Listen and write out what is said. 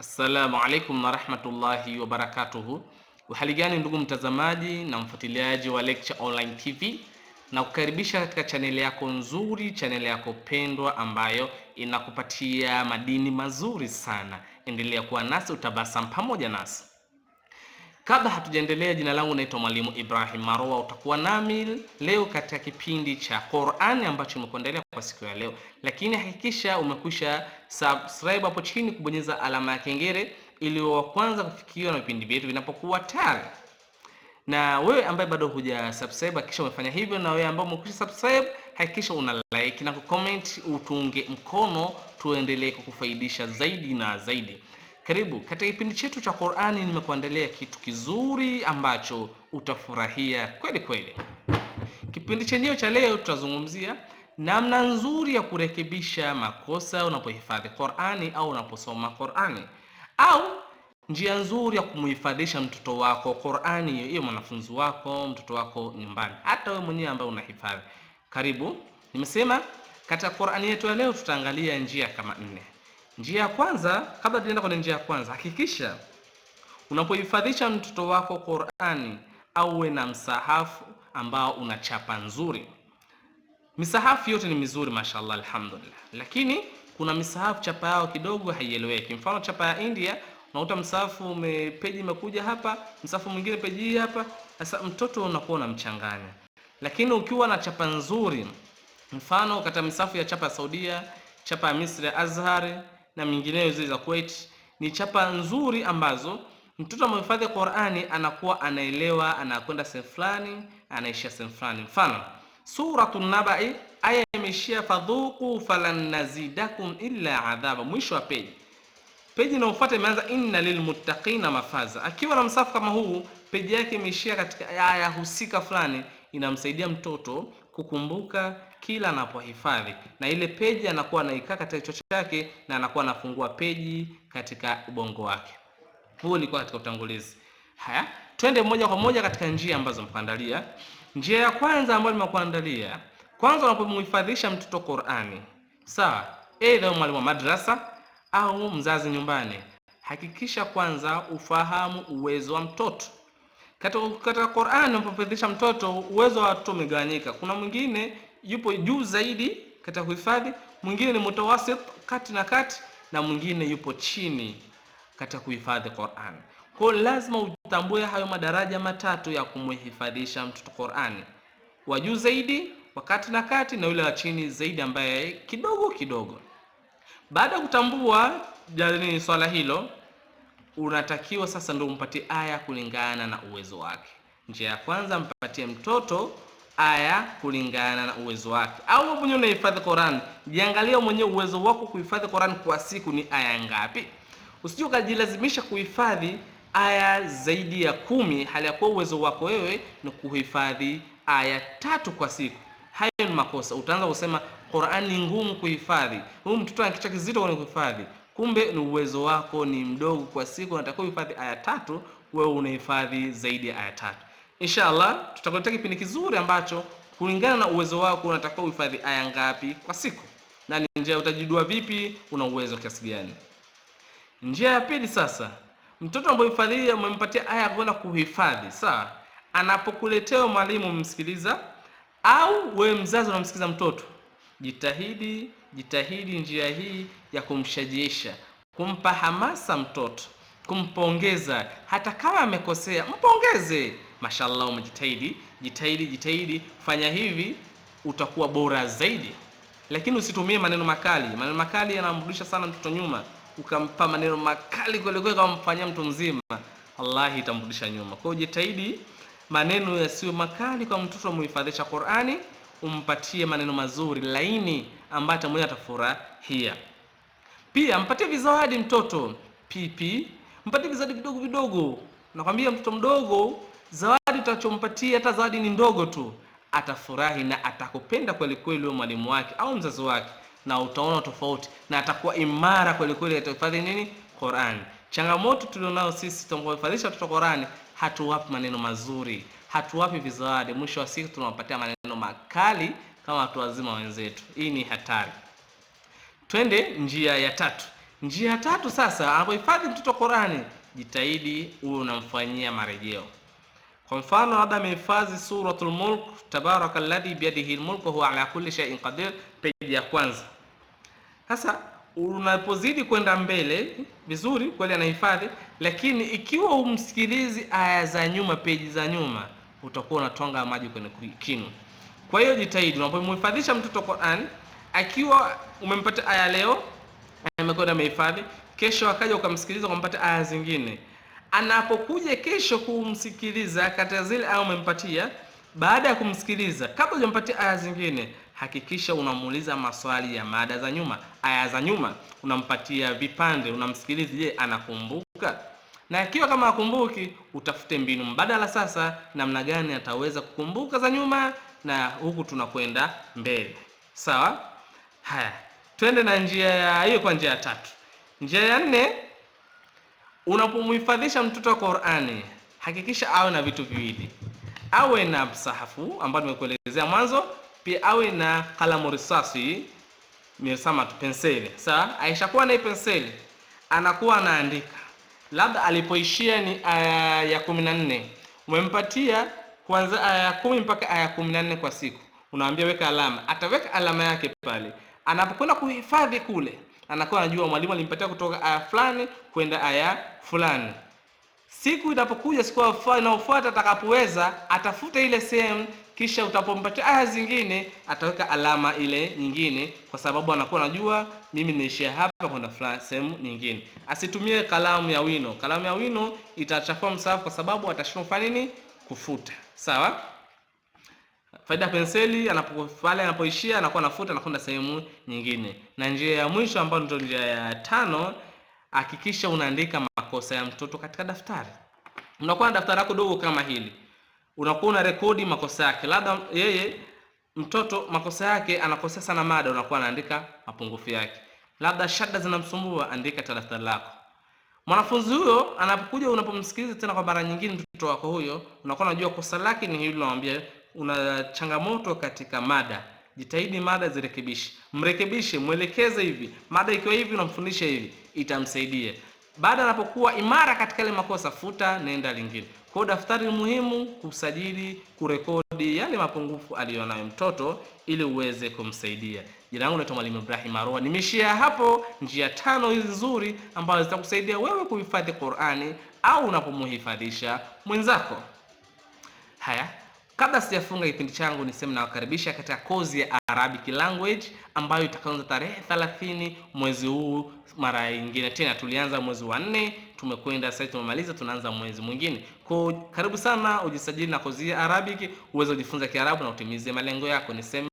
Assalamu alaikum warahmatullahi wabarakatuhu. Uhali gani ndugu mtazamaji na mfuatiliaji wa Lecture Online TV na kukaribisha katika chaneli yako nzuri, chaneli yako pendwa ambayo inakupatia madini mazuri sana. Endelea kuwa nasi, utabasamu pamoja nasi. Kabla hatujaendelea, jina langu naitwa Mwalimu Ibrahim Maroa. Utakuwa nami leo katika kipindi cha Qur'ani ambacho nimekuandalia kwa siku ya leo, lakini hakikisha umekwisha subscribe hapo chini, kubonyeza alama ya kengele ili wa kwanza kufikiwa na vipindi vyetu vinapokuwa tayari. Na wewe ambaye bado huja subscribe hakikisha umefanya hivyo, na wewe ambaye umekwisha subscribe hakikisha una like na kucomment, utunge mkono tuendelee kukufaidisha zaidi na zaidi. Karibu katika kipindi chetu cha Qur'ani. Nimekuandalia kitu kizuri ambacho utafurahia kweli kweli. Kipindi chenyewe cha leo tutazungumzia namna nzuri ya kurekebisha makosa unapohifadhi Qur'ani au unaposoma Qur'ani, au njia nzuri ya kumhifadhisha mtoto wako Qur'ani, hiyo mwanafunzi wako, mtoto wako nyumbani, hata wewe mwenyewe ambaye unahifadhi. Karibu. Nimesema katika Qur'ani yetu ya leo tutaangalia njia kama nne. Njia ya kwanza, kabla tuende kwenye njia ya kwanza, hakikisha unapohifadhisha mtoto wako Qur'ani au uwe na msahafu ambao una chapa nzuri. Misahafu yote ni mizuri mashallah, alhamdulillah, lakini kuna misahafu chapa yao kidogo haieleweki. Mfano chapa ya India unakuta msahafu ume peji imekuja hapa, msahafu mwingine peji hii hapa. Sasa mtoto unakuwa unamchanganya, lakini ukiwa na chapa nzuri, mfano kata misahafu ya chapa ya Saudia, chapa ya Misri ya Azhar na mingineyo zile za Kuwait ni chapa nzuri ambazo mtoto amehifadhi Qur'ani anakuwa anaelewa, anakwenda sehemu fulani, anaisha sehemu fulani. Mfano Suratu Nabai aya imeishia fadhuku falan nazidakum illa adhaba, mwisho wa peji. Peji inayofuata imeanza inna lilmuttaqina mafaza. Akiwa na msafu kama huu, peji yake imeishia katika aya husika fulani, inamsaidia mtoto kukumbuka kila anapohifadhi, na ile peji anakuwa anaikaa katika kichwa chake na anakuwa anafungua peji katika ubongo wake. Huu ulikuwa katika utangulizi. Haya, twende moja kwa moja katika njia ambazo mkuandalia. Njia ya kwanza ambayo nimekuandalia, kwanza unapomhifadhisha mtoto Qur'ani, sawa, aidha mwalimu wa madrasa au mzazi nyumbani, hakikisha kwanza ufahamu uwezo wa mtoto katika, katika Qur'an unapomfundisha mtoto uwezo wa watoto umegawanyika. Kuna mwingine yupo juu zaidi katika kuhifadhi, mwingine ni mutawasit kati na kati, na mwingine yupo chini katika kuhifadhi Qur'an. Kwa hiyo lazima utambue hayo madaraja matatu ya kumhifadhisha mtoto Qur'an, wa juu zaidi, wa kati na kati, na yule wa chini zaidi ambaye kidogo kidogo. Baada ya kutambua swala hilo unatakiwa sasa ndio umpatie aya kulingana na uwezo wake. Njia ya kwanza, mpatie mtoto aya kulingana na uwezo wake. Au wewe mwenyewe unahifadhi Qur'an, jiangalia mwenyewe uwezo wako kuhifadhi Qur'an kwa siku ni aya ngapi. Usije ukajilazimisha kuhifadhi aya zaidi ya kumi hali ya kuwa uwezo wako wewe ni kuhifadhi aya tatu kwa siku. Hayo ni makosa. Utaanza kusema Qur'an ni ngumu kuhifadhi, huyu mtoto ana kichwa kizito kwenye kuhifadhi kumbe ni uwezo wako ni mdogo kwa siku, unatakiwa uhifadhi aya tatu, wewe unahifadhi zaidi ya aya tatu. Inshallah tutakuletea kipindi kizuri ambacho kulingana na uwezo wako unatakiwa uhifadhi aya ngapi kwa siku na ni njia utajidua vipi, una uwezo kiasi gani. Njia ya pili sasa, mtoto ambaye hifadhi amempatia aya kwenda kuhifadhi, sawa, anapokuletea mwalimu msikiliza, au wewe mzazi unamsikiliza mtoto, jitahidi jitahidi njia hii ya kumshajiisha, kumpa hamasa mtoto, kumpongeza hata kama amekosea, mpongeze, mashallah, umejitahidi, jitahidi, jitahidi, fanya hivi, utakuwa bora zaidi. Lakini usitumie maneno makali. Maneno makali yanamrudisha sana mtoto nyuma. Ukampa maneno makali kweli kweli, kama mtu mzima, wallahi itamrudisha nyuma. Kwa hiyo jitahidi maneno yasiyo makali kwa mtoto, muhifadhisha Qur'ani umpatie maneno mazuri laini ambayo atamwona atafurahia. Pia mpatie vizawadi mtoto pipi, mpatie vizawadi vidogo vidogo. Nakwambia mtoto mdogo, zawadi utachompatia hata zawadi ni ndogo tu, atafurahi na atakupenda kweli kweli, wewe mwalimu wake au mzazi wake, na utaona tofauti na atakuwa imara kweli kweli, atahifadhi nini Qur'an. Changamoto tulionayo sisi tunapohifadhisha watoto Qur'an, hatuwapi maneno mazuri hatuwapi vizawadi, mwisho wa siku tunawapatia maneno makali kama watu wazima wenzetu. Hii ni hatari. Twende njia ya tatu. Njia ya tatu sasa, anapohifadhi mtoto Qurani, jitahidi uwe unamfanyia marejeo. Kwa mfano, labda amehifadhi Suratul Mulk, tabaraka alladhi biyadihi lmulku huwa ala kulli shay'in qadir, peji ya kwanza. Sasa unapozidi kwenda mbele, vizuri kweli anahifadhi, lakini ikiwa umsikilizi aya za nyuma, peji za nyuma utakuwa unatwanga maji kwenye kinu. Kwa hiyo jitahidi unapomhifadhisha mtoto Qur'an, akiwa umempata aya leo, amekwenda amehifadhi, kesho akaja ukamsikiliza ukampata aya zingine, anapokuja kesho kumsikiliza katika zile aya umempatia, baada ya kumsikiliza, kabla hujampatia aya zingine, hakikisha unamuuliza maswali ya mada za nyuma, aya za nyuma, unampatia vipande, unamsikiliza, je, anakumbuka? na ikiwa kama akumbuki, utafute mbinu mbadala sasa, namna gani ataweza kukumbuka za nyuma, na huku tunakwenda mbele. Sawa, haya, twende na njia ya hiyo, kwa njia ya tatu. Njia ya nne, unapomhifadhisha mtoto wa Qur'ani, hakikisha awe na vitu viwili, awe na msahafu ambao nimekuelezea mwanzo, pia awe na kalamu risasi mirsama tu, penseli. Sawa, aishakuwa na penseli, anakuwa anaandika labda alipoishia ni aya eh, ya kumi na nne umempatia kwanza aya eh, ya kumi mpaka aya eh, ya kumi na nne kwa siku, unawambia weka alama, ataweka alama yake pale. Anapokwenda kuhifadhi kule, anakuwa anajua mwalimu alimpatia kutoka aya fulani kwenda aya fulani. Siku itapokuja siku inayofuata atakapoweza, atafuta ile sehemu, kisha utapompatia aya zingine ataweka alama ile nyingine, kwa sababu anakuwa anajua mimi nimeishia hapa kwenda fulani sehemu nyingine. Asitumie kalamu ya wino. Kalamu ya wino itachafua msahafu, kwa sababu atashindwa kufanya nini? Kufuta. Sawa. Faida ya penseli, pale anapoishia anakuwa anafuta, anakwenda sehemu nyingine. Na njia ya mwisho ambayo ndio njia ya tano hakikisha unaandika makosa ya mtoto katika daftari. Unakuwa na daftari lako dogo kama hili, unakuwa una rekodi makosa yake, labda yeye mtoto makosa yake anakosea sana mada, unakuwa anaandika mapungufu yake, labda shada zinamsumbua, andika katika daftari lako. Mwanafunzi huyo anapokuja, unapomsikiliza tena kwa mara nyingine, mtoto wako huyo, unakuwa unajua kosa lake ni hilo, unamwambia una changamoto katika mada, jitahidi mada zirekebishe, mrekebishe, mwelekeze hivi, mada ikiwa hivi, unamfundisha hivi itamsaidia. Baada anapokuwa imara katika ile makosa, futa nenda lingine. Kwa daftari muhimu kusajili, kurekodi yale mapungufu aliyonayo mtoto ili uweze kumsaidia. Jina langu naitwa Mwalimu Ibrahim Arua. Nimeshia hapo njia tano hizi nzuri ambazo zitakusaidia wewe kuhifadhi Qur'ani au unapomhifadhisha mwenzako. Haya. Kabla sijafunga kipindi changu, niseme nawakaribisha katika kozi ya Arabic language ambayo itakaanza tarehe 30 mwezi huu. Mara nyingine tena, tulianza mwezi wa nne, tumekwenda sasa, tumemaliza, tunaanza mwezi mwingine. Kwa karibu sana, ujisajili na kozi ya Arabic uweze kujifunza Kiarabu na utimize malengo yako. Niseme